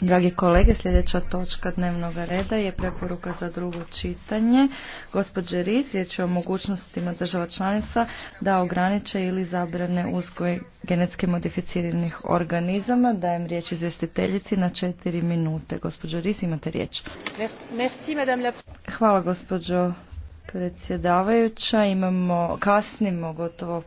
Dragi kolege, sljedeća točka dnevnog reda je preporuka za drugo čitanje. Gospodže Riz, riječ je o mogućnostima država članica da ograniče ili zabrane uzgoj genetski modificiranih organizama. Dajem riječ izvjestiteljici na četiri minute. Gospodže Riz, imate riječ. Hvala gospođo predsjedavajuća. Imamo, kasnimo gotovo